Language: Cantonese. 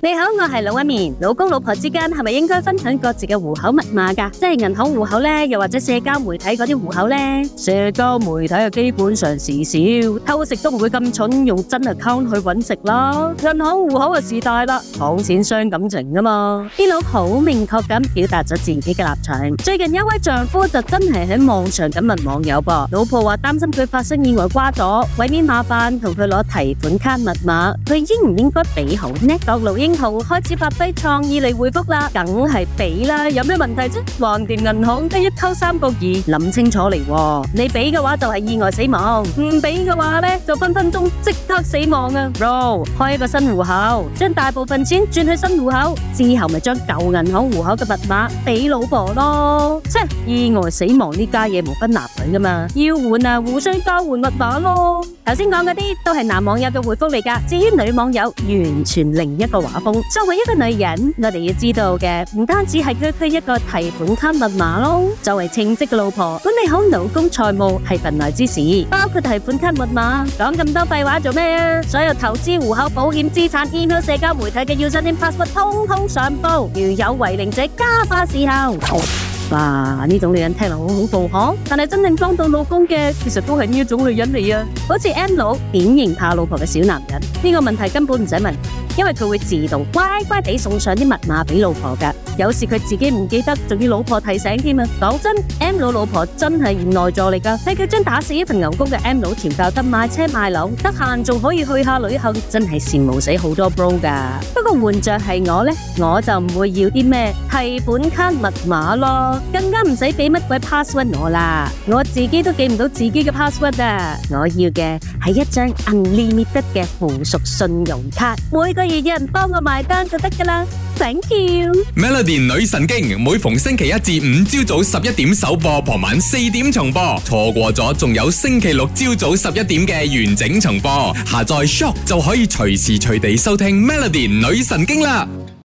你好，我係老一面。老公老婆之間係咪應該分享各自嘅戶口密碼噶？即係銀行戶口呢，又或者社交媒體嗰啲戶口呢？社交媒體基本上事小偷食都唔會咁蠢用真 account 去搵食啦。銀行戶口啊，事大啦，講錢傷感情啊嘛。電腦好明確咁表達咗自己嘅立場。最近有一位丈夫就真係喺網上咁問網友噃，老婆話擔心佢發生意外瓜咗，為免麻煩同佢攞提款卡密碼，佢應唔應該俾好呢？各路。英雄開始發揮創意嚟回覆啦，梗係俾啦，有咩問題啫？橫掂銀行得一溝三百二，諗清楚嚟。你俾嘅話就係意外死亡，唔俾嘅話咧就分分鐘即刻死亡啊！羅，開一個新戶口，將大部分錢轉去新戶口，之後咪將舊銀行戶口嘅密碼俾老婆咯。切，意外死亡呢家嘢冇分男女噶嘛，要換啊，互相交換密碼咯。頭先講嗰啲都係男網友嘅回覆嚟噶，至於女網友完全另一個話。作為一個女人，我哋要知道嘅唔單止係區區一個提款卡密碼咯。作為稱職嘅老婆，管理好老公財務係份內之事，包括提款卡密碼。講咁多廢話做咩啊？所有投資、戶口、保險、資產、email、社交媒體嘅要身兼 passport 通通上報，如有違令者，加罰事後。哇！呢種女人聽嚟好恐怖嗬，但係真正幫到老公嘅，其實都係呢種女人嚟啊。好似 M 佬，典型怕老婆嘅小男人。呢、這個問題根本唔使問，因為佢會自動乖乖地送上啲密碼俾老婆噶。有時佢自己唔記得，仲要老婆提醒添啊。講真，M 佬老，老婆真係賢內助嚟噶，睇佢將打死一份牛工嘅 M 佬調教得買車買樓，得閒仲可以去下旅行，真係羨慕死好多 bro 噶。不過換着係我呢，我就唔會要啲咩提款卡密碼咯。更加唔使俾乜鬼 password 我啦，我自己都記唔到自己嘅 password 啊！我要嘅係一張 Unlimited 嘅附屬信用卡，每個月有人幫我埋單就得噶啦。請叫 Melody 女神經，每逢星期一至五朝早十一點首播，傍晚四點重播，錯過咗仲有星期六朝早十一點嘅完整重播。下載 Shock 就可以隨時隨地收聽 Melody 女神經啦。